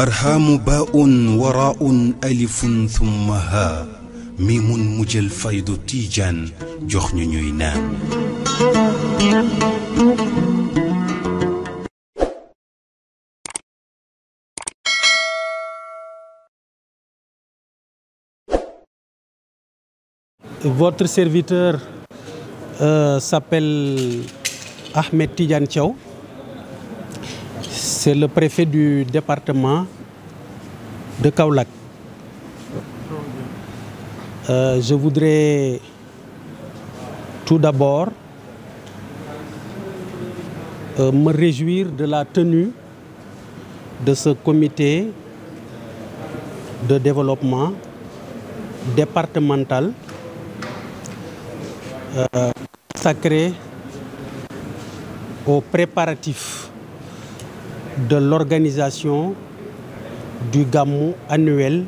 برهام باء وراء ألف ثم ها ميم مجل فيض تيجان جخن نيوينان Votre serviteur euh, s'appelle Ahmed Tidjan Tchao. c'est le préfet du département de Kaulak. Euh, je voudrais tout d'abord euh, me réjouir de la tenue de ce comité de développement départemental euh, consacré sacré aux préparatifs de l'organisation du gamo annuel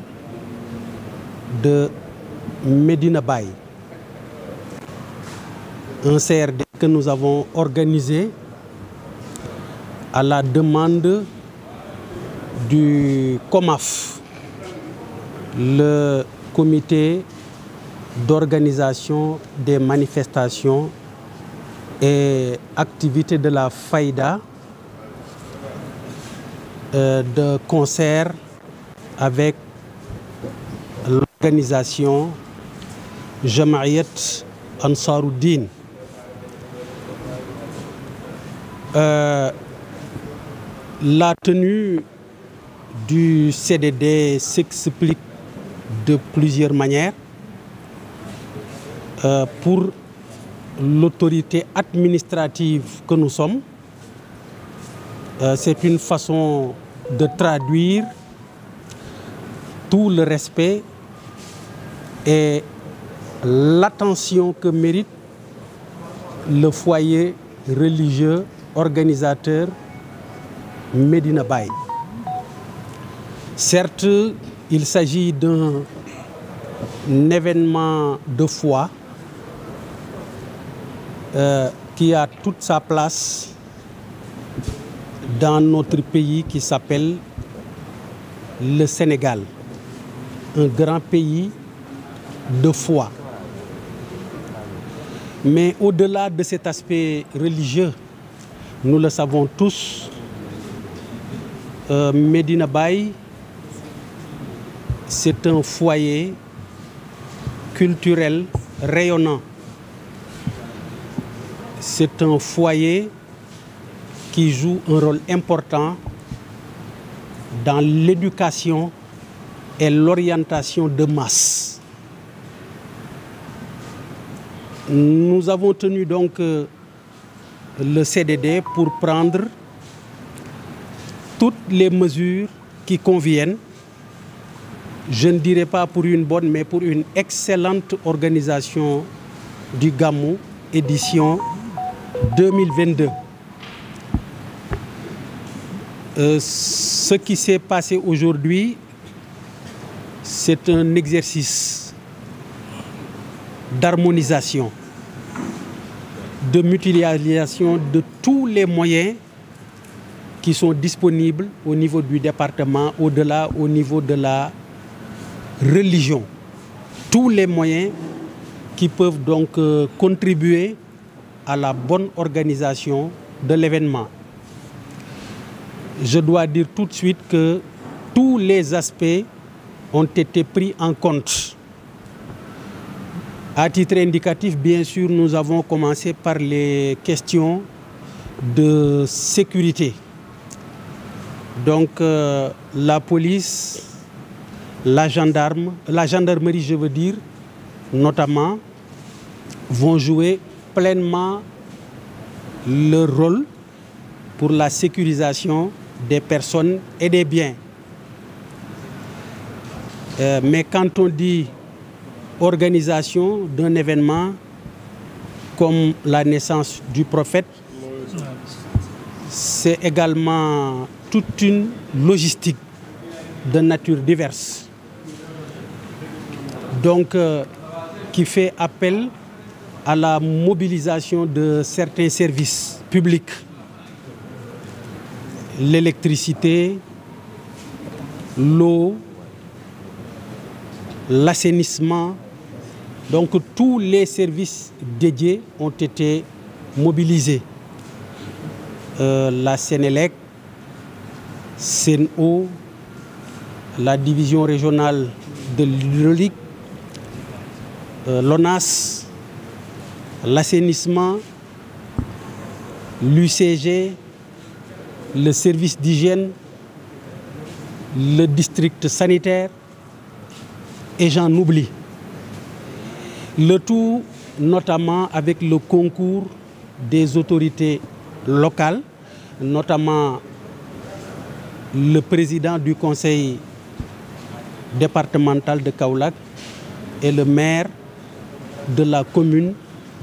de Medina Bay. Un CRD que nous avons organisé à la demande du COMAF, le comité d'organisation des manifestations et activités de la FAIDA, euh, de concert avec l'organisation Jamaïet Ansaruddin. Euh, la tenue du CDD s'explique de plusieurs manières. Euh, pour l'autorité administrative que nous sommes, c'est une façon de traduire tout le respect et l'attention que mérite le foyer religieux organisateur Medina Baye. Certes, il s'agit d'un événement de foi euh, qui a toute sa place dans notre pays qui s'appelle le Sénégal. Un grand pays de foi. Mais au-delà de cet aspect religieux, nous le savons tous, euh, Medina Bay, c'est un foyer culturel rayonnant. C'est un foyer qui joue un rôle important dans l'éducation et l'orientation de masse. Nous avons tenu donc euh, le CDD pour prendre toutes les mesures qui conviennent, je ne dirais pas pour une bonne, mais pour une excellente organisation du GAMO édition 2022. Euh, ce qui s'est passé aujourd'hui, c'est un exercice d'harmonisation, de mutualisation de tous les moyens qui sont disponibles au niveau du département, au-delà, au niveau de la religion. Tous les moyens qui peuvent donc euh, contribuer à la bonne organisation de l'événement je dois dire tout de suite que tous les aspects ont été pris en compte. À titre indicatif, bien sûr, nous avons commencé par les questions de sécurité. Donc euh, la police, la, gendarme, la gendarmerie, je veux dire, notamment, vont jouer pleinement leur rôle pour la sécurisation des personnes et des biens. Euh, mais quand on dit organisation d'un événement comme la naissance du prophète, c'est également toute une logistique de nature diverse. Donc, euh, qui fait appel à la mobilisation de certains services publics l'électricité, l'eau, l'assainissement. Donc tous les services dédiés ont été mobilisés. Euh, la Sénélec, CNO, la division régionale de l'hydraulique, euh, l'ONAS, l'assainissement, l'UCG, le service d'hygiène, le district sanitaire, et j'en oublie. Le tout notamment avec le concours des autorités locales, notamment le président du conseil départemental de Kaulac et le maire de la commune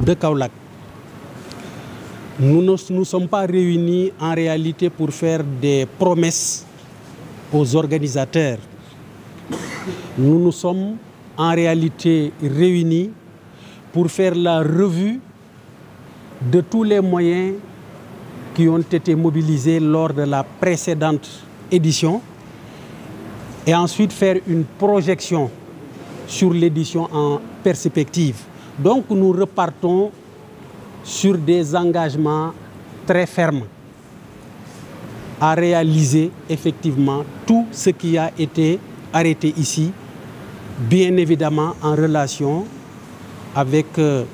de Kaulac. Nous ne nous sommes pas réunis en réalité pour faire des promesses aux organisateurs. Nous nous sommes en réalité réunis pour faire la revue de tous les moyens qui ont été mobilisés lors de la précédente édition et ensuite faire une projection sur l'édition en perspective. Donc nous repartons sur des engagements très fermes à réaliser effectivement tout ce qui a été arrêté ici, bien évidemment en relation avec euh,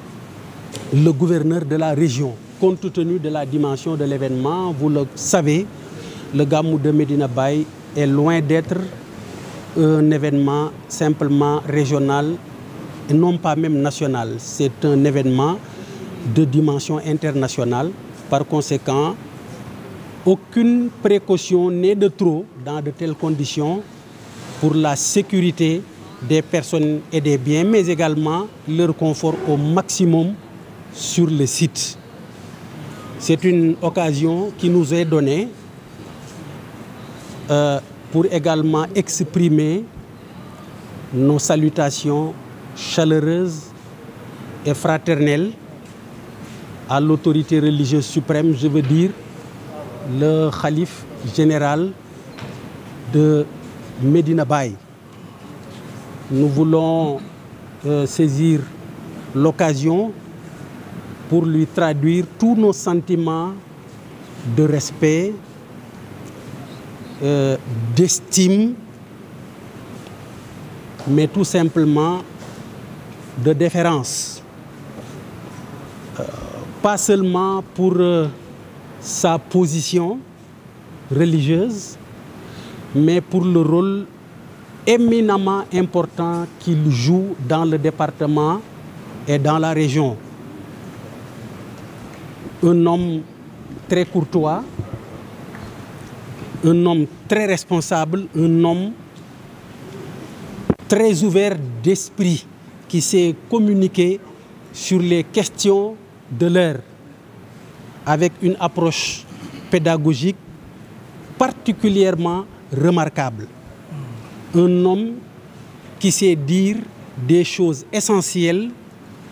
le gouverneur de la région. Compte tenu de la dimension de l'événement, vous le savez, le Gamou de Medina Bay est loin d'être un événement simplement régional et non pas même national. C'est un événement de dimension internationale. Par conséquent, aucune précaution n'est de trop dans de telles conditions pour la sécurité des personnes et des biens, mais également leur confort au maximum sur le site. C'est une occasion qui nous est donnée euh, pour également exprimer nos salutations chaleureuses et fraternelles à l'autorité religieuse suprême, je veux dire le calife général de Medina Bay. Nous voulons euh, saisir l'occasion pour lui traduire tous nos sentiments de respect, euh, d'estime, mais tout simplement de déférence. Euh, pas seulement pour euh, sa position religieuse, mais pour le rôle éminemment important qu'il joue dans le département et dans la région. Un homme très courtois, un homme très responsable, un homme très ouvert d'esprit qui s'est communiqué sur les questions de l'heure avec une approche pédagogique particulièrement remarquable. Un homme qui sait dire des choses essentielles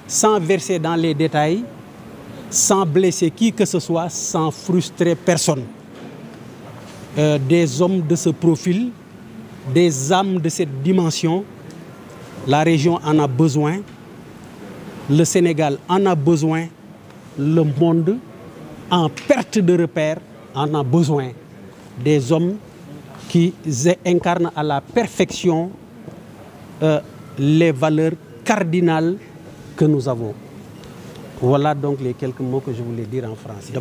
sans verser dans les détails, sans blesser qui que ce soit, sans frustrer personne. Euh, des hommes de ce profil, des âmes de cette dimension, la région en a besoin, le Sénégal en a besoin, le monde en perte de repère, en a besoin des hommes qui incarnent à la perfection euh, les valeurs cardinales que nous avons. Voilà donc les quelques mots que je voulais dire en France. Je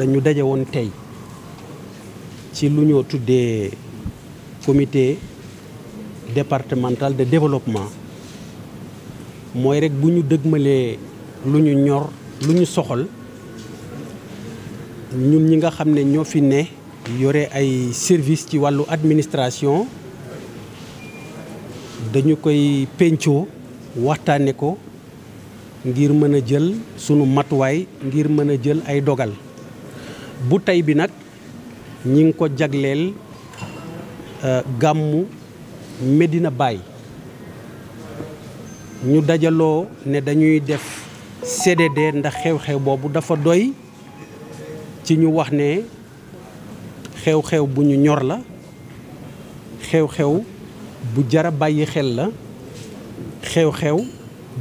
wax de développement mooy rek bu ñu dëgmalee lu ñu ñor lu ñu soxal ñun ñi nga xam ne ñoo fi ne yore ay service ci wàllu administration dañu koy pencoo waxtaane ko ngir mën a jël sunu matuwaay ngir mën a jël ay dogal bu tey bi nag ñi ngi ko jagleel euh, gàmmu Medina Baye ñu dajaloo ne dañuy def CDD ndax xew-xew boobu dafa doy ci ñu wax ne xew-xew bu ñu ñor la xew-xew bu jara bàyyi xel la xew-xew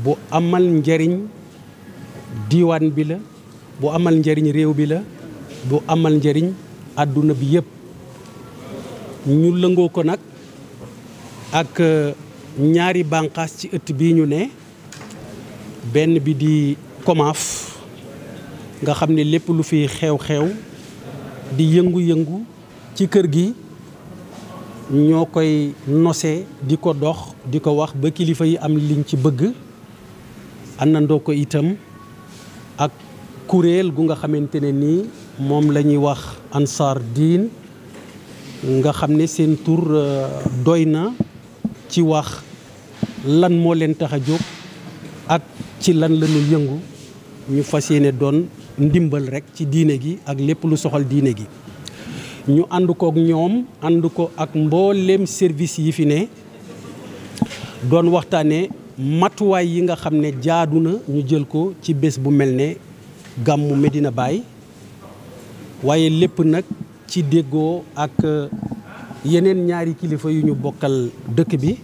bu amal njariñ diiwaan bi la bu amal njariñ réew bi la bu amal njariñ àdduna bi yépp ñu lëngoo ko nag ak ñaari bankas ci ëtt bi ñu né benn bi di komaf nga xam lepp lu fi xew-xew di yëngu-yëngu ci kër gi ñokoy nosé diko di dox diko wax ba kilifa yi am liñ ci bëgg àndandoo ko itam ak kurel gu nga xamantene ni mom lañuy wax ansar din nga xamne sen tour euh, doyna ci wax lan moo leen tax a jóg ak ci lan la yëngu ñu fas yéene doon ndimbal rekk ci diine gi ak lépp lu soxal diine gi. ñu ànd ko ak ñoom ànd ko ak mbooleem service yi fi ne doon waxtaanee matuwaay yi nga xam ne jaadu na ñu jël ko ci bés bu mel ne gàmmu Medina Baye waaye lépp nag ci déggoo ak yeneen ñaari kilifa yu ñu bokkal dëkk bi.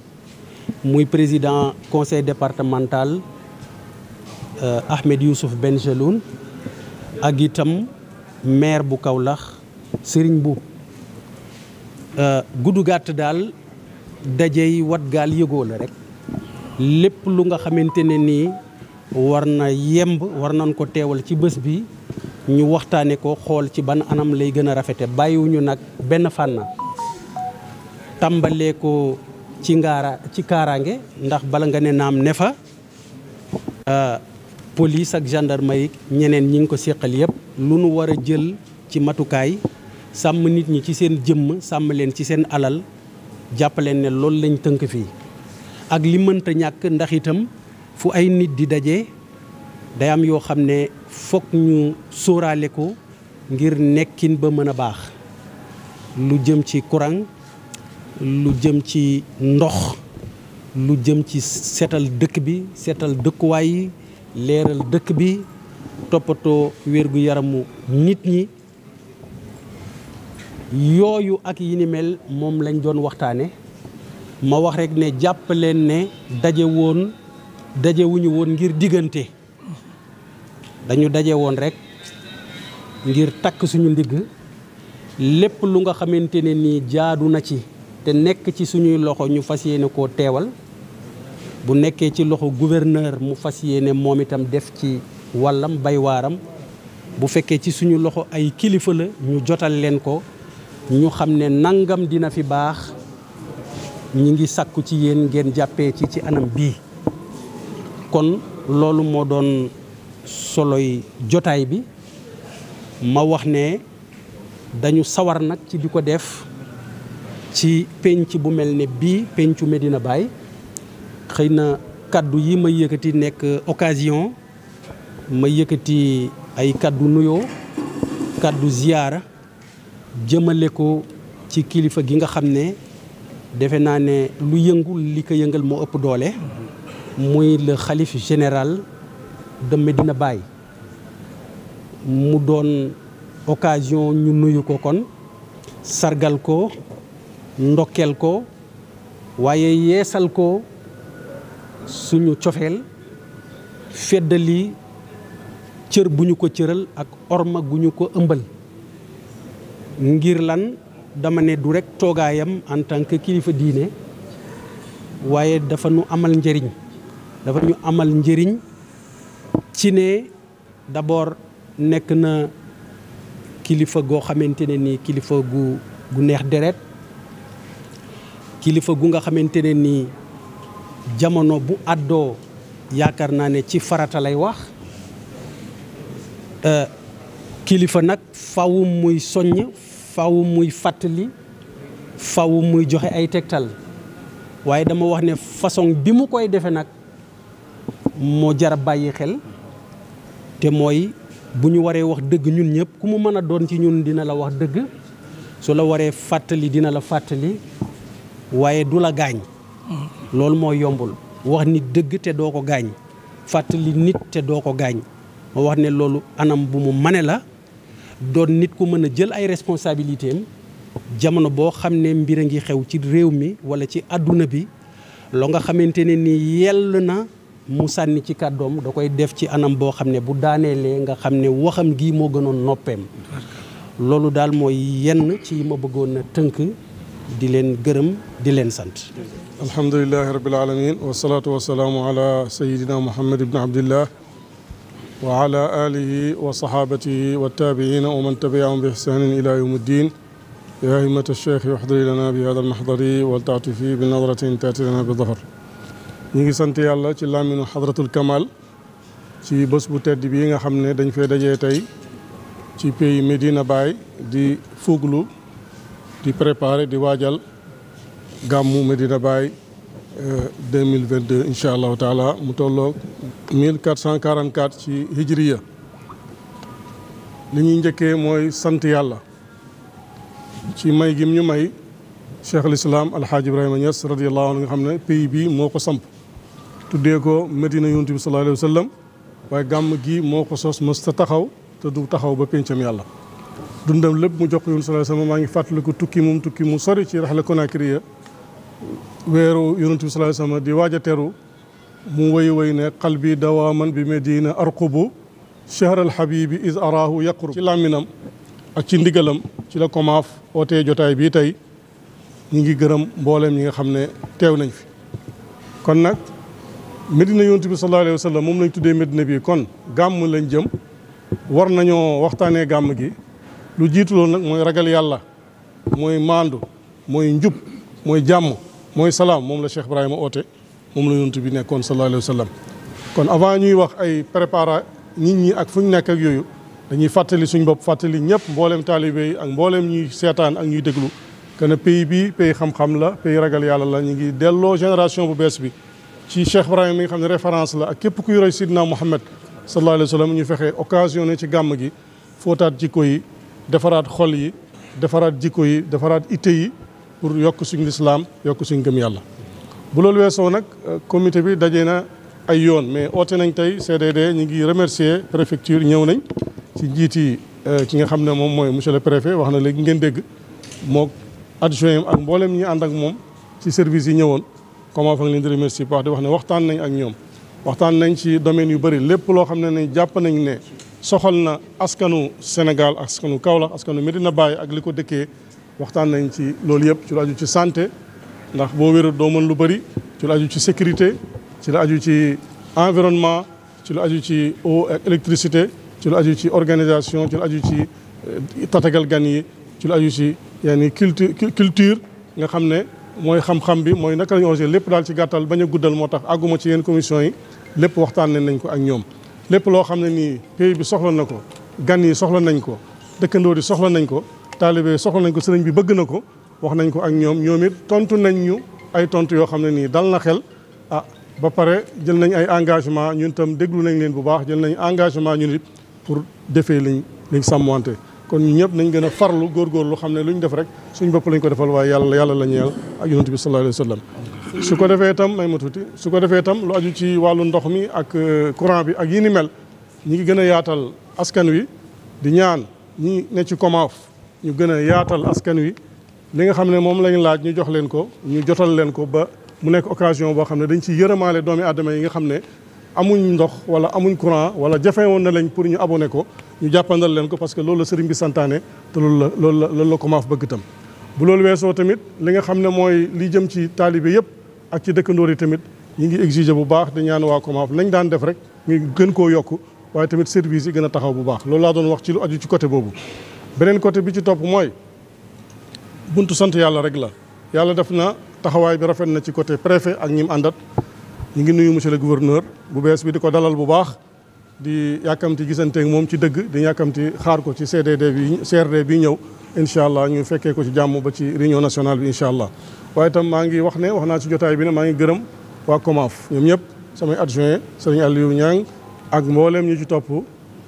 muy président conseil départemental euh, Ahmed Youssouf Benjeloun ak itam maire bu Kaolack sëriñ bu euh, gudd gàtt daal dajey wat gaal yëgoo la rek lépp lu nga xamante ne nii war na yemb war nañ ko teewal ci bés bi ñu waxtaane ko xool ci ban anam lay gën a rafete bàyyiwuñu nag benn fànna tàmbalee ko ci ngaara ci kaaraange ndax bala nga ne naam ne fa euh, police ak gendarmerie ñeneen ñi ngi ko seqal yëpp lu nu war a jël ci matukaay sàmm nit ñi ci seen jëmm sàmm leen ci seen alal jàppaleen ne loolu lañ tënk fii ak li mënta ñàkk ndax itam fu ay nit di daje day am yoo xam ne foog ñu sóoraale ko ngir nekkin ba mën a baax lu jëm ci courant lu jëm ci ndox lu jëm ci seetal dëkk bi seetal dëkkuwaay yi leeral dëkk bi toppatoo wér-gu-yaramu nit ñi yooyu ak yi ni mel moom lañ doon waxtaane ma wax rekk ne jàpp leen ne daje woon daje woon ngir diggante dañu daje woon rekk ngir takk suñu ndigg lépp lu nga xamante ne nii jaadu na ci te nekk ci suñuy loxo ñu fas yéene ko teewal bu nekkee ci loxo gouverneur mu fas yéene moom itam def ci wàllam bay waaram bu fekkee ci suñu loxo ay kilifa la ñu jotal leen ko ñu xam ne nangam dina fi baax ñi ngi sàkku ci yéen ngeen jàppee ci ci anam bii kon loolu moo doon soloy jotaay bi ma wax ne dañu sawar nag ci di ko def ci penc bu mel ne bii pencu Medina Baye xëy na kàddu yi may yëkkati nekk occasion ma yëkkati ay kàddu nuyoo kàddu ziyaara jëmale ko ci kilifa gi nga xam ne defe naa ne lu yëngu li ko yëngal moo ëpp doole muy le xalif général de Medina Baye mu doon occasion ñu nuyu ko kon sargal ko ndokkeel ko waaye yeesal ko suñu cofeel feddali cër bu ñu ko cëral ak orma gu ñu ko ëmbal ngir lan dama ne du rekk toogaayam en tant que kilifa diine waaye dafa nu amal njariñ dafa ñu amal njëriñ ci ne d'abord nekk na kilifa goo xamante ne ni kilifa gu gu neex deret kilifa gu nga xamante ne nii jamono bu àddoo yaakaar naa ne ci farata lay wax euh, kilifa nag fawu muy soññ fawu muy fàttali fawu muy joxe ay tegtal waaye dama wax ne façon bi mu koy defe nag moo jara bàyyi xel te mooy bu ñu waree wax dëgg ñun ñëpp ku mu mën a doon ci ñun dina la wax dëgg su la waree fàttali dina la fàttali waaye du la gaañ loolu moo yombul wax nit dëgg te doo ko gaañ fàttali nit te doo ko gaañ ma wax ne loolu anam bu mu mane la doon nit ku mën a jël ay responsabilité jamono boo xam ne mbir a ngi xew ci réew mi walla ci àdduna bi loo nga xamante ne ni yell na mu sànni ci kàddoom da koy def ci anam boo xam ne bu daaneelee nga xam ne waxam gi moo gënoon noppeem loolu daal mooy yenn ci ma bëggoon a tënk di len gërëm di len sant alhamdulilahi rabbil alamin wasalaatu wasalaamu ala sayyidina muhammad ibni abdullah wa ala alihi wa sahabatihi wa tabiina wa man tabiahum bi ihsanin ila yawm ddin ya himmat alcheikh yuxdiri lana bi hada almaxdari waltaatu fi bi nadratin taati lana bi dafar ñi ngi sant yàlla ci làmmiñu xadratul kamal ci bés bu tedd bii nga xam ne dañ fee dajee tey ci Medina Baye di fuglu di préparer di waajal gàmmu Medina Baye 2022 euh, incha allahu taala mu tolloog 1444 ci hijriya li ñuy njëkkee mooy sant yàlla ci may gim ñu may cheikh al islam alhaaj ibrahima Niass radiallahu anhu nga xam ne pays bi moo ko samp tuddee ko Medina yonent bi sallallahu alayhi waaye gàmm gi moo ko sos mës ta taxaw te du taxaw ba péncam yàlla dundam lépp mu jox ko yoon sallallahu alayhi maa ngi fàttaliku tukki moom tukki mu sori ci Raxla Konaakiri ya weeru yonent bi sallallahu alayhi wasallam di waaj a teru mu woy woy ne qalbi dawaaman bi medina arqubu chahr alhabibi is arahu yaqrub ci làmminam ak ci ndigalam ci la komaaf ootee jotaay bii tey ñi ngi gërëm mbooleem ñi nga xam ne teew nañ fi kon nag Medina yonent bi sallallahu alayhi wasallam moom lañ tuddee Medina bii kon gàmm lañ jëm war nañoo waxtaanee gàmm gi lu jiitu loolu nag mooy ragal yàlla mooy maandu mooy njub mooy jàmm mooy salaam moom la Cheikh Ibrahima oote moom la yonent bi nekkoon sallallahu alayhi wa sallam kon avant ñuy wax ay préparer nit ñi ak fu ñu nekk ak yooyu dañuy fàttali suñ bopp fàttali ñëpp mbooleem taalibe yi ak mbooleem ñuy seetaan ak ñuy déglu kene pays bi pays xam-xam la pays ragal yàlla la ñu ngi delloo génération bu bees bi ci Cheikh Ibrahima mi nga xam ne référence la ak képp kuy roy Sidna Muhammad sallallahu alayhi wa sallam ñu fexe occasionné ci gàmm gi footaat jikko yi defaraat xol yi defaraat jikko yi defaraat ite yi pour yokk suñu lislaam yokk suñu gëm yàlla. bu loolu weesoo nag euh, comité bi dajee na ay yoon mais ote nañ tey CDD ñu ngi remercier préfecture ñëw nañ ci njiiti euh, ki nga xam ne moom mooy monsieur le préfet wax na léegi ngeen dégg moo adjoint ak mboolem ñi ànd ak moom ci service yi ñëwoon. comment fa nga leen di remercier wax di wax ne waxtaan nañ ak ñoom waxtaan nañ ci domaine yu bëri lépp loo xam ne ne jàpp nañ ne. soxal na askanu Sénégal askanu Kaolack askanu Medina Baye ak liko ko waxtan waxtaan nañ ci loolu yëpp ci lu ci santé ndax bo wérul do mën lu bari ci lu ci sécurité ci lu ci environnement ci lu ci eau ak électricité ci lu ci organisation ci lu ci euh, tatagal gan yi ci lu ci yani culture culture nga xam moy xam-xam bi moy naka lañu ñu lepp dal ci gattal baña guddal motax aguma ci yeen commission yi lepp waxtan nañ ko ak ñom lépp loo xam ne nii pays bi soxla na ko gan yi soxla nañ ko dëkkandoo yi soxla nañ ko taalibe soxla nañ ko sëriñ bi bëgg na ko wax nañ ko ak ñoom ñoom it tontu nañ ñu ay tontu yoo xam ne nii dal na xel ah ba pare jël nañ ay engagement ñun tam déglu nañ leen bu baax jël nañ engagement ñun it pour defee liñ liñ sàmmante kon ñu ñëpp nañ gën a farlu góorgóorlu xam ne lu ñu def rek suñ bopp lañ ko defal waaye yàlla yàlla la ñeel ak yonent bi sallallahu alayhi wa su ko defee itam may ma tuuti su ko defee itam lu aju ci wàllu ndox mi ak euh, courant bi ak yi mel ñi ngi gën a yaatal askan wi di ñaan ñi ne ci COMAF ñu gën a yaatal askan wi li nga xam ne moom lañ laaj ñu jox leen ko ñu jotal leen ko ba mu nekk occasion boo xam ne dañ ci yërëmaale doomi aadama yi nga xam ne amuñ ndox wala amuñ courant wala jafe woon na lañ pour ñu abonné ko ñu jàppandal leen ko parce que loolu la sëriñ bi santaane te la loolu la loolu la COMAF bëgg itam bu loolu weesoo tamit li nga xam ne mooy li jëm ci taalibe yëpp ak ci dëkkandoor yi tamit ñi ngi exiger bu baax di ñaan waa COMAF lañ daan def rek ñu gën koo yokk waaye tamit service yi gën a taxaw bu baax loolu laa doon wax ci lu aju ci côté boobu. beneen côté bi ci topp mooy buntu sant yàlla rek la yàlla def na taxawaay bi rafet na ci côté préfet ak ñim àndat ñu ngi nuyu monsieur le gouverneur bu bees bi di ko dalal bu baax. di yàkkamti gisanteeg moom ci dëgg di yàkkamti xaar ko ci CDD bi CRD bi ñëw incha allah ñu fekkee ko ci jàmm ba ci réunion nationale bi allah. waaye itam maa ngi wax ne wax naa ci jotaay bi ne maa ngi gërëm waa COMAF ñoom ñëpp samay adjoint sëriñ Aliou Niang ak mboolem ñu ci topp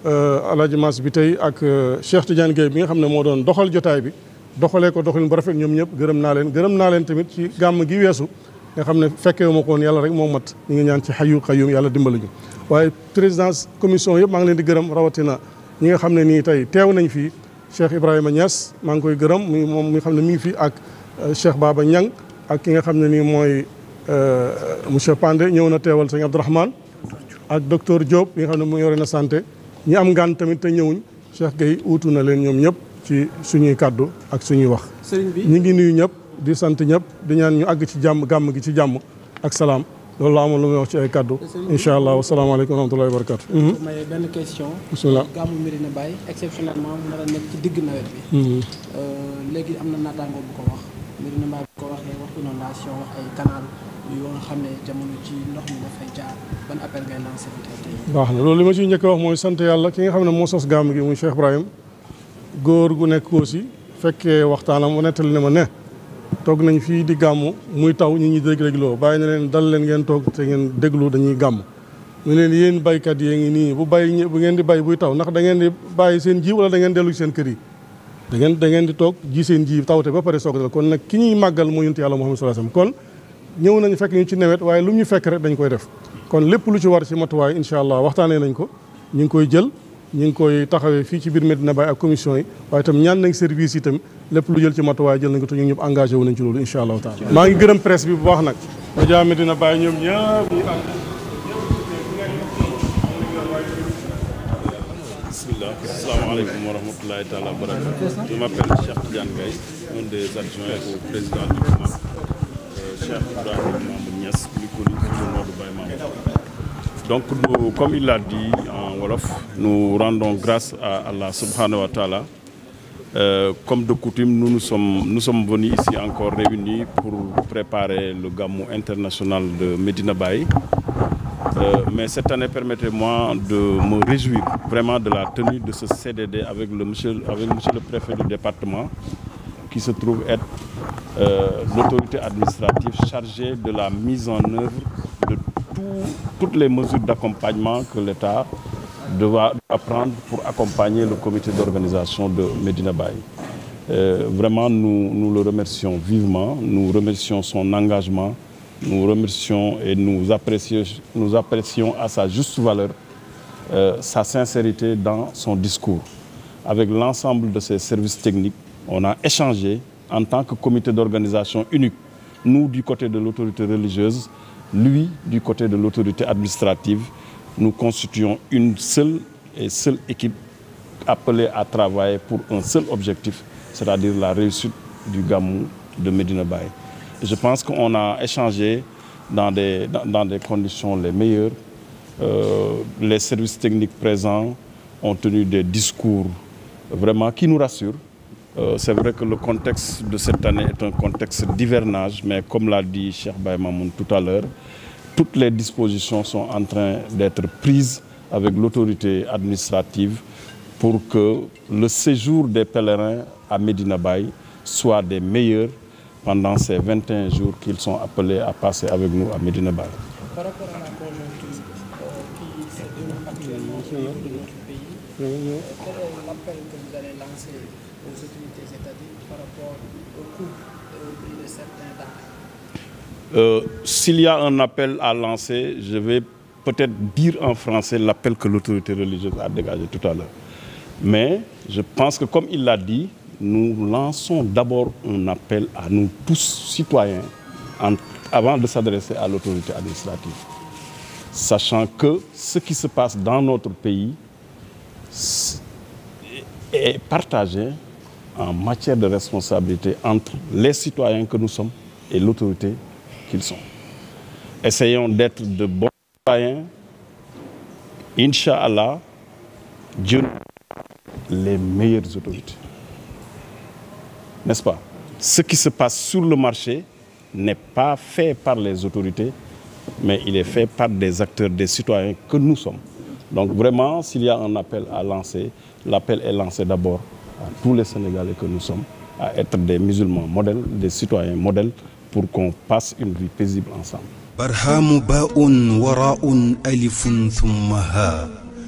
euh, Alaaji Mas bi tey ak euh, Cheikh Tidiane Gueye bi nga xam ne moo doon doxal jotaay bi doxalee ko doxalin bu rafet ñoom ñëpp gërëm naa leen gërëm naa leen tamit ci gàmm gi weesu nga xam ne fekkee ma ko woon yàlla rek moo mat ñu ngi ñaan ci xayu xayum yàlla dimbali ñu waaye présidence commission yëpp maa ngi leen di gërëm rawatina ñi nga xam ne nii tey teew nañ fii Cheikh Ibrahima Niass maa ngi koy gërëm muy moom mi nga xam ne mi ngi fii ak Euh, Cheikh Baba Niang ak ki nga xam ne nii mooy euh, monsieur Pandé ñëw na teewal sëñ Abdourahmane ak docteur Diop yi nga xam ne mu yore na santé ñi am ngaan tamit te ñëwuñ Cheikh Gueye uutu na leen ñoom ñëpp ci suñuy kàddu ak suñuy wax. sëriñ bi ñu ngi nuyu ñëpp di sant ñëpp di ñaan ñu àgg ci jàmm gàmm gi ci jàmm ak salaam loolu la amoon lu muy wax ci ay kàddu. incha allah wasalaamaaleykum wa rahmatullahi wa barakaatu. Mhm. may benn question. bisimilah gàmmu Medina Baye exceptionnellement mu nar mhm. euh, léegi am na naataango Medina Mbaye ko waxee wax inondation wax ay canal yoo nga xam ne jamono ci ndox mi dafay jaar ban appel ngay lancé bu tey tey baax na loolu li ma ciy wax mooy sant yàlla ki nga xam ne sos gàmm gi muy Cheikh Ibrahim góor gu nekk aussi fekkee waxtaanam mu nettali ne ma ne toog nañ fii di gamu, muy taw ñi ñuy dégg dégloo bàyyi na leen dal leen ngeen toog te ngeen déglu dañuy gàmm mu leen yéen baykat yee ngi nii bu bay bu ngeen di bay buy taw ndax da ngeen di bàyyi seen ji wala da ngeen dellu seen kër da ngeen da ngeen di toog ji seen ji tawte ba pare soog dal kon nag ki ñuy màggal mu yonent yàlla Muhammad sallallahu alayhi kon ñëw nañu fekk ñu waaye lu ñu fekk rek dañ koy def kon lu ci war ci matuwaay incha allah waxtaanee nañ ko ngi koy jël ñu ngi koy taxawee fii ci biir Medina Baye ak commission yi waaye itam ñaan nañ service itam lépp lu jël ci matuwaay jël nañ ko ñu ñëpp engagé wu nañ ci loolu incha allahu taala ta'ala Je m'appelle Cheikh Tidiane un des adjoints au président du gouvernement. Euh, Cheikh Ibrahim Nias, plus connu sous le nom de Baïman. Donc, nous, comme il l'a dit en Wolof, nous rendons grâce à Allah subhanahu wa ta'ala. Euh, comme de coutume, nous, nous, sommes, nous sommes venus ici encore réunis pour préparer le Gamou international de Medina Baye. Euh, mais cette année, permettez-moi de me réjouir vraiment de la tenue de ce CDD avec le monsieur, avec monsieur le préfet du département, qui se trouve être euh, l'autorité administrative chargée de la mise en œuvre de toutes les mesures d'accompagnement que l'État doit prendre pour accompagner le comité d'organisation de Medina Bay. Euh, vraiment, nous le remercions vivement, nous remercions son engagement nous remercions et nous apprécions, à sa juste valeur euh, sa sincérité dans son discours. Avec l'ensemble de ses services techniques, on a échangé en tant que comité d'organisation unique, nous du côté de l'autorité religieuse, lui du côté de l'autorité administrative. Nous constituons une seule et seule équipe appelée à travailler pour un seul objectif, c'est-à-dire la réussite du Gamou de Medina Baye. Je pense qu'on a échangé dans des, conditions les meilleures. Euh, les services techniques présents ont tenu des discours vraiment qui nous rassurent. Euh, c'est vrai que le contexte de cette année est un contexte d'hivernage, mais comme l'a dit Cheikh Mamoun tout à l'heure, toutes les dispositions sont en train d'être prises avec l'autorité administrative pour que le séjour des pèlerins à Medina Baye soit des meilleurs pendant ces 21 jours qu'ils sont appelés à passer avec nous à Medina Bay. Par rapport à la conjoncture euh, qui se déroule actuellement dans notre pays, quel est l'appel que vous allez lancer aux autorités étatiques par rapport au coût euh, de certains dents euh, S'il y a un appel à lancer, je vais peut-être dire en français l'appel que l'autorité religieuse a dégagé tout à l'heure. Mais je pense que comme il l'a dit, nous lançons d'abord un appel à nous tous citoyens avant de s'adresser à l'autorité administrative, sachant que ce qui se passe dans notre pays est partagé en matière de responsabilité entre les citoyens que nous sommes et l'autorité qu'ils sont. Essayons d'être de bons citoyens. Inch'Allah, Dieu les meilleures autorités n'est-ce pas Ce qui se passe sur le marché n'est pas fait par les autorités, mais il est fait par des acteurs, des citoyens que nous sommes. Donc vraiment, s'il y a un appel à lancer, l'appel est lancé d'abord à tous les Sénégalais que nous sommes, à être des musulmans modèles, des citoyens modèles, pour qu'on passe une vie paisible ensemble.